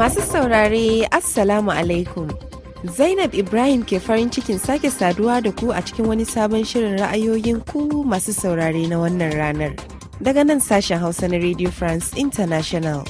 Masu saurare Assalamu alaikum. Zainab Ibrahim ke farin cikin sake saduwa da ku a cikin wani sabon shirin ra'ayoyin ku masu saurare na wannan ranar. Daga nan sashen Hausa na Radio France International.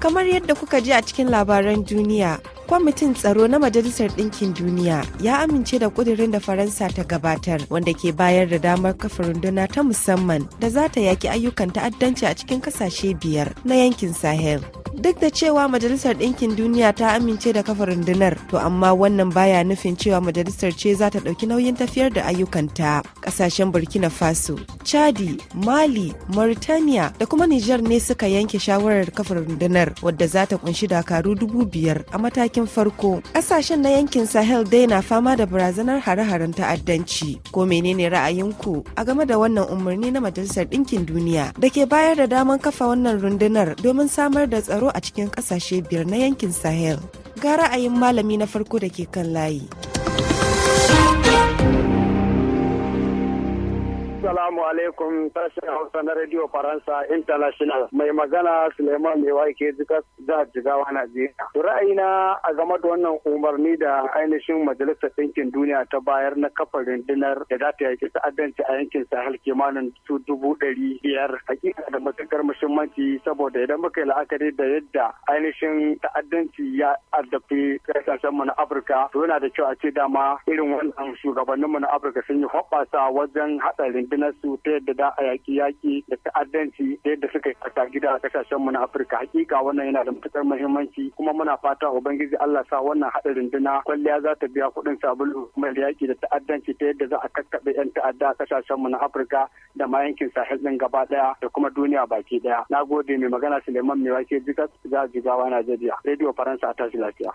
Kamar yadda kuka ji a cikin labaran duniya, kwamitin tsaro na majalisar ɗinkin duniya ya amince da ƙudurin da faransa ta gabatar wanda ke bayar da damar kafa runduna ta musamman da za ta yaki ayyukan ta'addanci a cikin ƙasashe biyar na yankin sahel Duk da cewa Majalisar Ɗinkin Duniya ta amince da kafa rundunar, to amma wannan baya nufin cewa majalisar ce za ta ɗauki nauyin tafiyar da ayyukanta. Ƙasashen Burkina Faso, Chadi, Mali, Mauritania da kuma Niger ne suka yanke shawarar kafa rundunar wadda za ta kunshi dakaru dubu biyar a matakin farko. Ƙasashen na yankin Sahel dai na fama da barazanar hare-haren ta'addanci. Ko menene ra'ayinku a game da wannan umarni na Majalisar Ɗinkin Duniya da ke bayar da damar kafa wannan rundunar domin samar da tsaro tsaro a cikin ƙasashe biyar na yankin Sahel. Ga ra'ayin malami na farko da ke kan layi. Assalamu alaikum sashen Hausa na Radio Faransa International mai magana Suleiman Mewa ke jihar Jigawa Najeriya. Ra'ayina a game da wannan umarni da ainihin Majalisar Ɗinkin Duniya ta bayar na kafa rundunar da za ta yaƙi ta'addanci a yankin Sahel kimanin su dubu ɗari biyar hakika da matuƙar muhimmanci saboda idan muka yi la'akari da yadda ainihin ta'addanci ya addabi ƙasashen mu na Afirka to yana da kyau a ce dama irin wannan shugabanninmu na Afirka sun yi hoɓɓasa wajen hatsarin. su ta yadda da a yaƙi yaƙi da ta'addanci da yadda suka yi kasa gida a kasashenmu na Afirka. Hakika wannan yana da matuƙar muhimmanci kuma muna fata Ubangiji Allah sa wannan haɗa runduna kwalliya za ta biya kuɗin sabulu da yaƙi da ta'addanci ta yadda za a kakkaɓe 'yan ta'adda a kasashenmu na Afirka da ma yankin Sahel ɗin gaba ɗaya da kuma duniya baki ɗaya. Na gode mai magana Suleiman Mewake Jikas Jigawa Najeriya. Radio Faransa a tashi lafiya.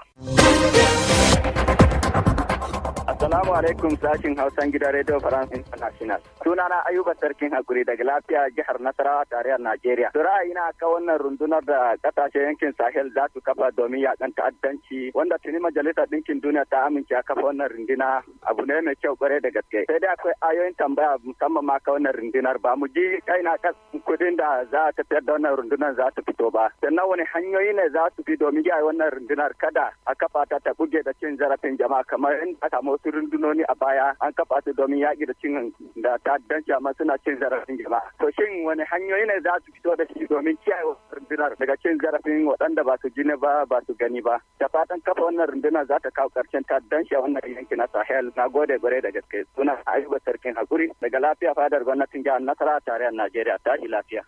Assalamu alaikum sashin Hausan gidan Radio France International. Sunana Ayuba Sarkin Hakuri daga lafiya jihar Nasarawa tarayyar Najeriya. To ra'ayina kan wannan rundunar da kasashen yankin Sahel za su kafa domin yakan ta'addanci wanda tuni Majalisa ɗinkin duniya ta amince a kafa wannan runduna abu ne mai kyau kwarai da gaske. Sai dai akwai ayoyin tambaya musamman ma ka wannan rundunar ba mu ji kaina kan kudin da za a tafiyar da wannan rundunar za su fito ba. Sannan wani hanyoyi ne za su bi domin yi wannan rundunar kada a kafa ta ta buge da cin zarafin jama'a kamar in aka samu wasu rundunoni a baya an kafa su domin yaƙi da cin da ta'addanci amma suna cin zarafin jama'a to shin wani hanyoyi ne za su fito da shi domin kiyaye rundunar daga cin zarafin waɗanda ba su jini ba ba su gani ba da fatan kafa wannan rundunar za ta kawo ƙarshen ta'addanci a wannan yanki na sahel na gode bare da gaske suna ayuba sarkin hakuri daga lafiya fadar gwamnatin jihar nasara tarayyar najeriya tashi lafiya.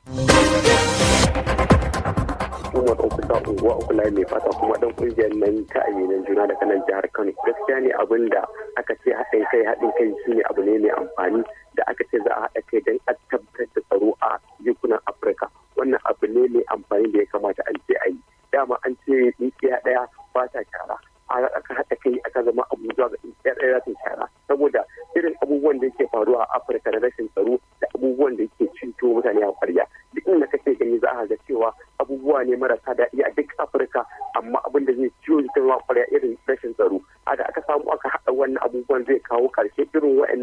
hukumar ofisa unguwa ukula mai fata kuma dan kungiyar nan ta aminan juna da nan jihar kano gaskiya ne abin da aka ce haɗin kai haɗin kai ne abu ne mai amfani da aka ce za a haɗa kai don a tabbatar da tsaro a yankunan afirka wannan abu ne mai amfani da ya kamata an ce a yi dama an ce tsintsiya ɗaya ba ta kyara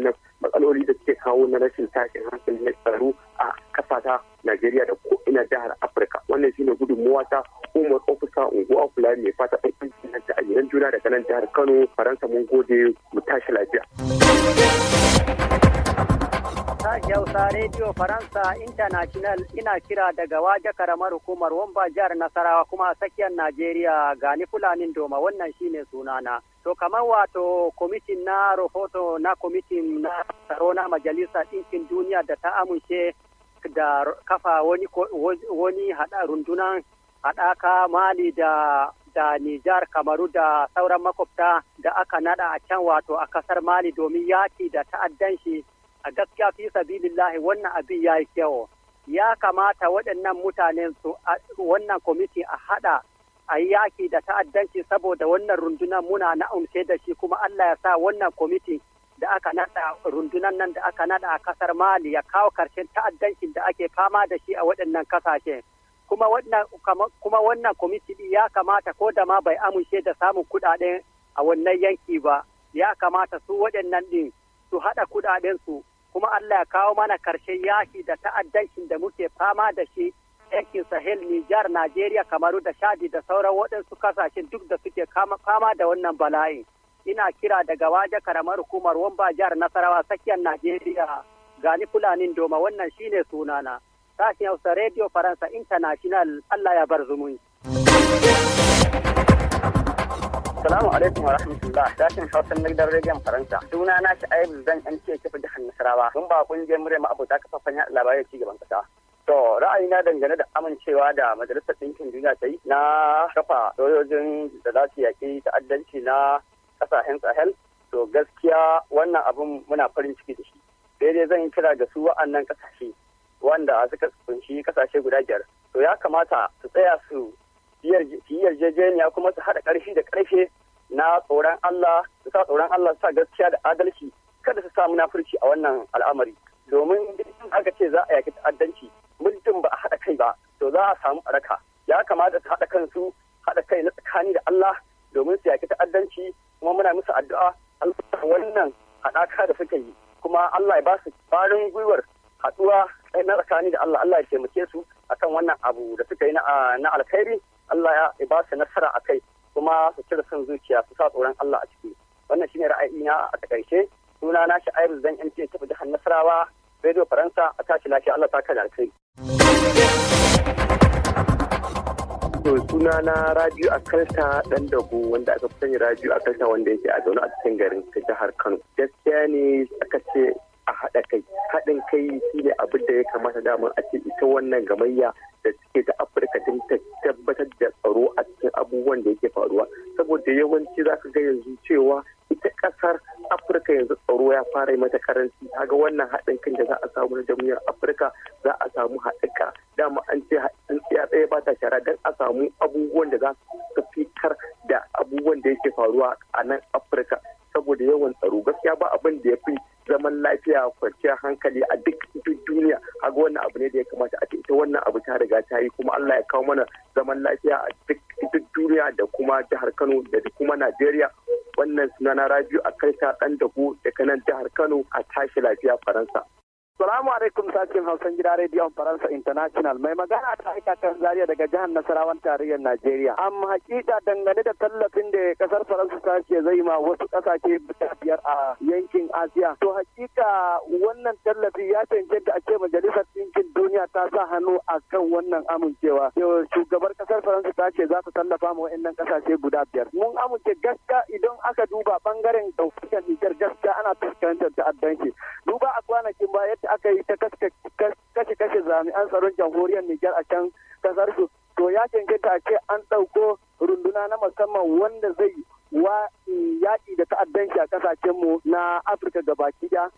nan matsaloli da suke kawo na rashin tashin hankali na tsaro a kasata Najeriya da ko ina jihar Afirka wannan shine gudunmuwa ta hukumar ofisa unguwa kula mai fata ɗan ta ajiran juna daga nan jihar Kano Faransa mun gode Yausa Radio Faransa International ina kira daga waje karamar hukumar Wamba jihar Nasarawa kuma a tsakiyar Najeriya gani Fulanin Doma wannan shine sunana. To kamar wato kwamitin na rahoto na kwamitin na tsaro na Majalisar Ɗinkin Duniya da ta amince da kafa wani, wani rundunan haɗaka Mali da da Nijar, Kamaru da sauran makwabta da aka nada a can wato a kasar Mali domin yaki da ta'addanshi a gaskiya fi sabilillahi wannan abin ya yi kyau ya kamata waɗannan mutane su wannan kwamiti a haɗa a yaki da ta'addanci saboda wannan rundunar muna na umse da shi kuma Allah ya sa wannan kwamiti da aka nada rundunar nan da aka naɗa a kasar Mali ya kawo karshen ta'addanci da ake fama da shi a waɗannan kasashe kuma wannan kuma wannan kwamiti ya kamata ko da ma bai amince da samun kuɗaɗen a wannan yanki ba ya kamata su waɗannan ɗin su haɗa kuɗaɗen su kuma Allah ya kawo mana karshen yaki da ta'addancin da muke fama da shi yankin Sahel, Nijar, Najeriya, Kamaru da Shadi da sauran waɗansu kasashen duk da suke fama da wannan bala'in. Ina kira daga waje karamar hukumar Wamba jihar Nasarawa tsakiyar Najeriya gani Fulanin Doma wannan shine sunana. Sashen Hausa Radio Faransa International Allah ya bar zumunci. Assalamu alaikum wa rahmatullah. Sashen Hausa na gidan rediyon Faransa. Suna na shi Aibu zan yan ce kifa jihar Nasarawa. Mun ba kungiyar murya ma'abota kafafen yaɗa labarai ci gaban kasa. To ra'ayina dangane da amincewa da Majalisar Ɗinkin Duniya ta yi na kafa sojojin da za su yaƙi ta'addanci na ƙasashen Sahel. To gaskiya wannan abun muna farin ciki da shi. Sai dai zan kira ga su wa'annan ƙasashe wanda suka kunshi ƙasashe guda biyar. To ya kamata su tsaya su su yi yarjejeniya kuma su haɗa ƙarfi da ƙarfe na tsoron Allah su sa tsoron Allah su sa gaskiya da adalci kada su sa munafurci a wannan al'amari domin aka ce za a yaki ta'addanci mutum ba a haɗa kai ba to za a samu araka ya tafi jihar Nasarawa Radio Faransa a tashi lafiya Allah ta kada kai. To suna na Radio Akalta dan dago wanda aka fi sani Radio Akalta wanda yake a zaune a cikin garin ta jihar Kano. Gaskiya ne aka ce a haɗa kai. Haɗin kai shi ne abin da ya kamata damar a ce ita wannan gamayya da suke ta Afirka din ta tabbatar da tsaro a cikin abubuwan da yake faruwa. Saboda yawanci za ka ga yanzu cewa ita ƙasar afirka yanzu tsaro ya fara yi mata karanci kaga wannan haɗin kan da za a samu na jamhuriyar afirka za a samu ka dama an ce haɗin tsaya tsaye ba ta shara don a samu abubuwan da za su fitar da abubuwan da yake faruwa a nan afirka saboda yawan tsaro gaskiya ba abin da ya fi zaman lafiya kwanciyar hankali a duk duniya haga wannan abu ne da ya kamata a ce ita wannan abu ta riga ta yi kuma Allah ya kawo mana zaman lafiya a duk duniya da kuma jihar Kano da kuma Najeriya wannan sunana Rabiu a kai ta ɗan dago daga nan jihar Kano a tashi lafiya Faransa. Salamu alaikum sashen Hausan gida rediyon Faransa International mai magana ta aika kan Zaria daga jihar Nasarawan tarayyar Najeriya. Amma hakika dangane da tallafin da kasar Faransa ta ce zai ma wasu kasashe biyar a yankin Asiya. To hakika wannan tallafi ya cancanta a ce majalisar ɗinkin duniya ta sa hannu a kan wannan amincewa. Shugabar kasar Faransa ta ce za ta tallafa ma wa'annan kasashe guda biyar. Mun amince gaskiya idan aka duba bangaren ɗaukar Nijar gaskiya ana fuskantar ta'addanci. Duba a kwanakin baya yadda shi aka yi ta kashe kashe jami'an tsaron jamhuriyar Nijar a can kasar su to ya cancanta a ce an ɗauko runduna na musamman wanda zai wa yaƙi da ta'addanci a ƙasashenmu na Afirka gabaki ɗaya.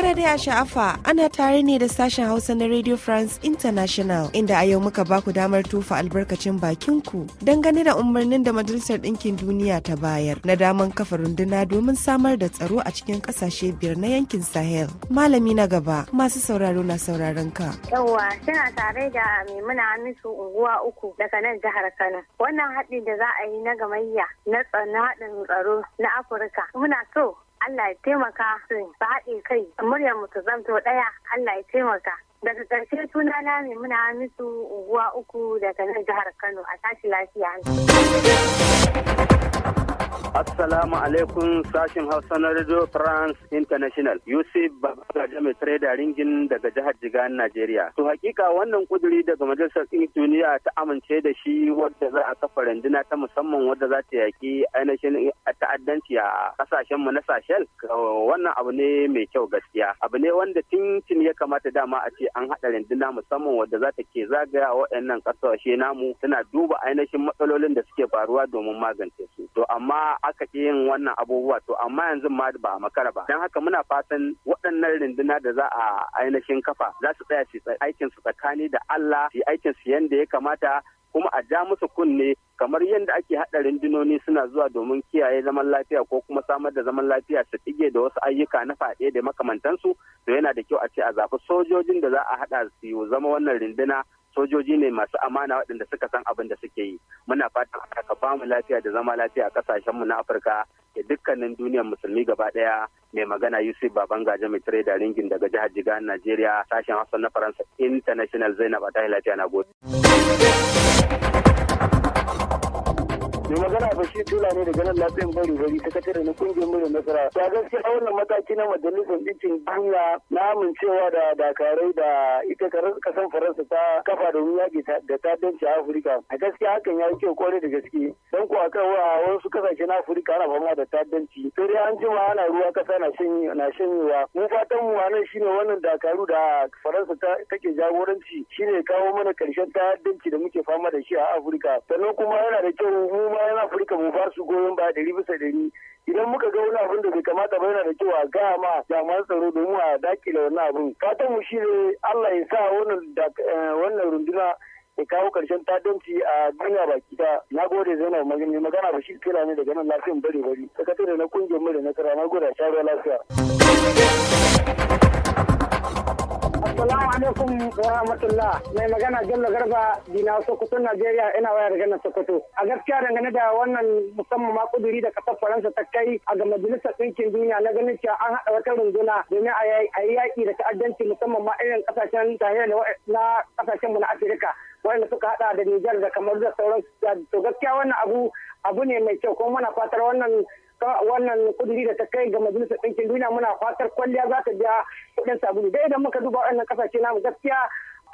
Kada dai a sha'afa ana tare ne da sashen Hausa na Radio France International inda a yau muka baku damar tufa albarkacin bakin bakinku dangane da umarnin da Majalisar Ɗinkin Duniya ta bayar na daman kafa runduna domin samar da tsaro a cikin ƙasashe biyar na yankin Sahel. Malami na gaba masu sauraro na sauraron ka. Yawwa tana tare da Maimuna Hamisu unguwa uku daga nan jihar Kano. Wannan haɗin da za a yi na gamayya na haɗin tsaro na Afirka. Muna so Allah ya taimaka su haɗe kai muryar mu ta zamto ɗaya Allah ya taimaka daga ƙarshe suna na ne muna hamisu unguwa uku daga nan jihar Kano a tashi lafiya. Assalamu alaikum sashen Hausa na Radio France International. Yusuf Babagaja mai da ringin daga jihar Jigan, Najeriya. To hakika wannan kuduri daga Majalisar Ɗinkin Duniya ta amince da shi wadda za a kafa randuna ta musamman wadda za ta yaki ainihin ta'addanci a kasashen mu na Sahel. Wannan abu ne mai kyau gaskiya. Abu ne wanda tintin ya kamata dama a ce an haɗa randuna musamman wadda za ta ke zagaya waɗannan ƙasashe namu tana duba ainihin matsalolin da suke faruwa domin magance su. To amma aka ƙi yin wannan abubuwa to amma yanzu ma ba a makara ba don haka muna fatan waɗannan rinduna da za a ainihin kafa za su tsaya su aikin su tsakani da Allah su aikin su yanda ya kamata kuma a ja musu kunne kamar yadda ake haɗa rundunoni suna zuwa domin kiyaye zaman lafiya ko kuma samar da zaman lafiya su ɗige da wasu ayyuka na faɗe da makamantansu to yana da kyau a ce a zafi sojojin da za a haɗa su zama wannan runduna sojoji ne masu amana waɗanda suka san abin da suke yi muna fatan ka bamu lafiya da zama lafiya a kasashen mu na afirka da dukkanin duniyar musulmi gaba ɗaya mai magana yusuf baban gaje mai tare da ringin daga jihar jigan najeriya sashen hassan na faransa international zainab a lafiya na gode. mai magana shi tula ne da nan lafiyan bari bari sakatare na kungiyar mura nasara ta gaskiya wannan mataki na majalisar ɗinkin duniya na amincewa da dakarai da ita kasan faransa ta kafa domin yaƙi da ta'addanci a afirka a gaskiya hakan ya yi kyau kwarai da gaske don kuwa wa wasu kasashe na afirka ana fama da ta danci sai dai an jima ana ruwa kasa na shanyewa mu fatan mu nan shine wannan dakaru da faransa ta take jagoranci shine kawo mana ta ta'addanci da muke fama da shi a afirka sannan kuma yana da kyau mu bayan afirka mu ba su goyon baya ɗari bisa ɗari idan muka ga wani abun da bai kamata ba yana da kyau a ga ma jami'an tsaro domin a dakile wani abin fatan mu shine Allah ya sa wannan eh, runduna ya kawo karshen tadanci a duniya baki ta na gode zainab magani magana ba shi kira ne daga nan lafiyan bare bari sakatare na kungiyar mu da nasara na gode a sharuwa lafiya Assalamu alaikum wa rahmatullah. Mai magana Jallo Garba Dina Sokoton Najeriya ina waya daga nan Sokoto. A gaskiya dangane da wannan musamman ma kuduri da kasar Faransa ta kai a ga majalisar ɗinkin duniya na ganin cewa an haɗa wata runduna domin a yi yaƙi da ta'addanci musamman ma irin ƙasashen tare na mu na Afirka. wanda suka hada da Nijar da kamar da sauran to gaskiya wannan abu abu ne mai kyau kuma muna fatar wannan wannan kudiri da ta kai ga majalisar ɗinkin duniya muna fatar kwalliya za ta biya kuɗin sabulu dai idan muka duba wannan kasashe namu gaskiya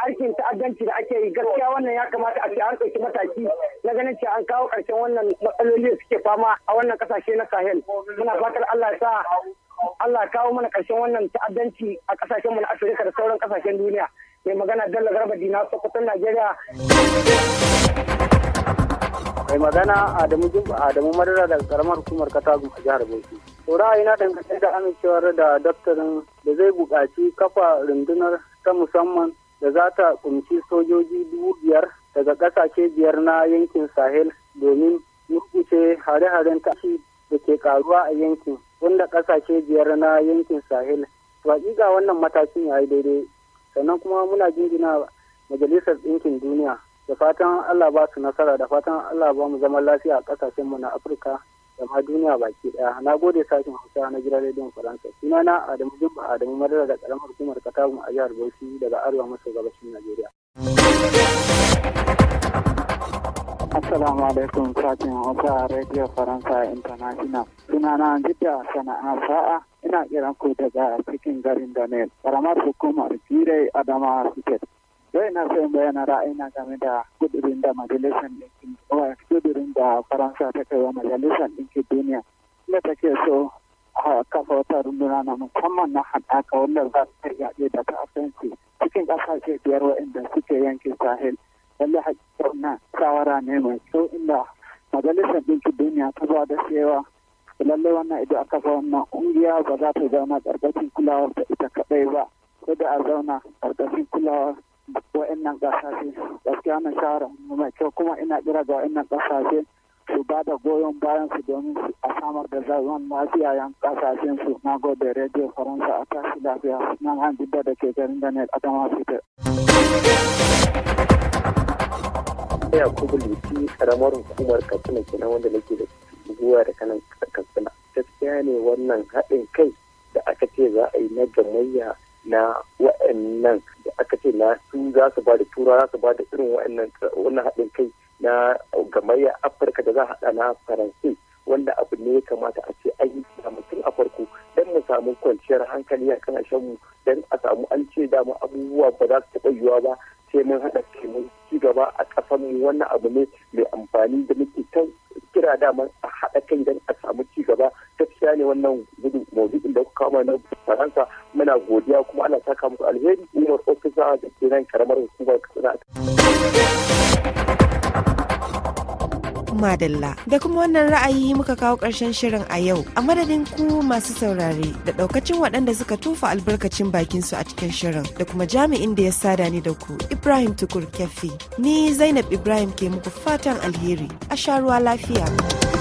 aikin ta'addanci da ake yi gaskiya wannan ya kamata a ce an ɗauki mataki na ganin ce an kawo ƙarshen wannan matsaloli da suke fama a wannan kasashe na sahel muna fatar allah ya sa allah kawo mana ƙarshen wannan ta'addanci a kasashen mu na afirka da sauran kasashen duniya mai magana dalla garba dina sokoto najeriya Mai magana Adamu Adamu Madara daga karamar hukumar katagun a jihar Bauchi. To ra'ayina dangane da amincewar da daftarin da zai buƙaci kafa rundunar ta musamman da za ta kunshi sojoji dubu biyar daga ƙasashe biyar na yankin Sahel domin murkuce hare-haren tashi da ke karuwa a yankin wanda ƙasashe biyar na yankin Sahel. To hakika wannan matakin ya yi daidai sannan kuma muna jingina Majalisar Ɗinkin Duniya da fatan Allah ba su nasara da fatan Allah ba mu zaman lafiya a kasashen mu na Afirka da ma duniya baki daya na gode sashen Hausa na gidan rediyon Faransa sunana na Adamu Jibba Adamu Madara da karamar hukumar Katagun a jihar Bauchi daga Arewa maso gabashin Najeriya Assalamu alaikum sashen Hausa Radio Faransa International suna na Jidda Sana'a Sa'a ina kiran ku daga cikin garin Daniel karamar hukumar Jirai Adama State Yau na son bayana ra'ayina game da kudurin da majalisar ɗinkin kudurin da Faransa ta kai wa majalisar ɗinkin duniya inda take so kafa wata runduna na musamman na haɗaka wanda za ta yaƙi da ta'afanci cikin ƙasashe biyar waɗanda suke yankin sahel wanda haƙiƙar na shawara ne mai kyau inda majalisar ɗinkin duniya ta zuwa da cewa lallai wannan idan aka fa wannan ƙungiya ba za ta zauna ƙarƙashin kulawar ta ita kaɗai ba ko da a zauna ƙarƙashin kulawar nan kasashe gaskiya na shahara mai kyau kuma ina kira ga nan kasashe su ba da goyon bayan su domin a samar da zaben lafiya yan kasashen su na gode radio faransa a tashi lafiya nan an jibba da ke garin daniel adama fitar. ya kubu liti karamar hukumar katsina kenan wanda nake da guguwa da kanan katsina gaskiya ne wannan haɗin kai da aka ce za a yi na gamayya na wa'annan da aka ce na su za su ba da tura za su ba da irin wannan haɗin kai na gamayyar afirka da za a haɗa na faransai wanda abu ne ya kamata a ce an yi mutum a farko don mu samu kwanciyar hankali a kanashen mu don a samu an ce damu abubuwa ba za su taɓa yiwuwa ba sai mun haɗa kai mun ci gaba a ƙasar mu wannan abu ne mai amfani da muke kira daman a haɗa kai don a samu ci gaba gaskiya ne wannan gudun maudu'in da kuka kama na faransa muna godiya kuma ana saka muku alheri umar ofisa da ke nan karamar hukumar katsina. Dalla. da kuma wannan ra'ayi muka kawo ƙarshen shirin a yau a madadin ku masu saurare da ɗaukacin waɗanda suka tufa albarkacin bakin su a cikin shirin da kuma jami'in da ya sada ni da ku Ibrahim Tukur Kefi ni Zainab Ibrahim ke muku fatan alheri a sha ruwa lafiya.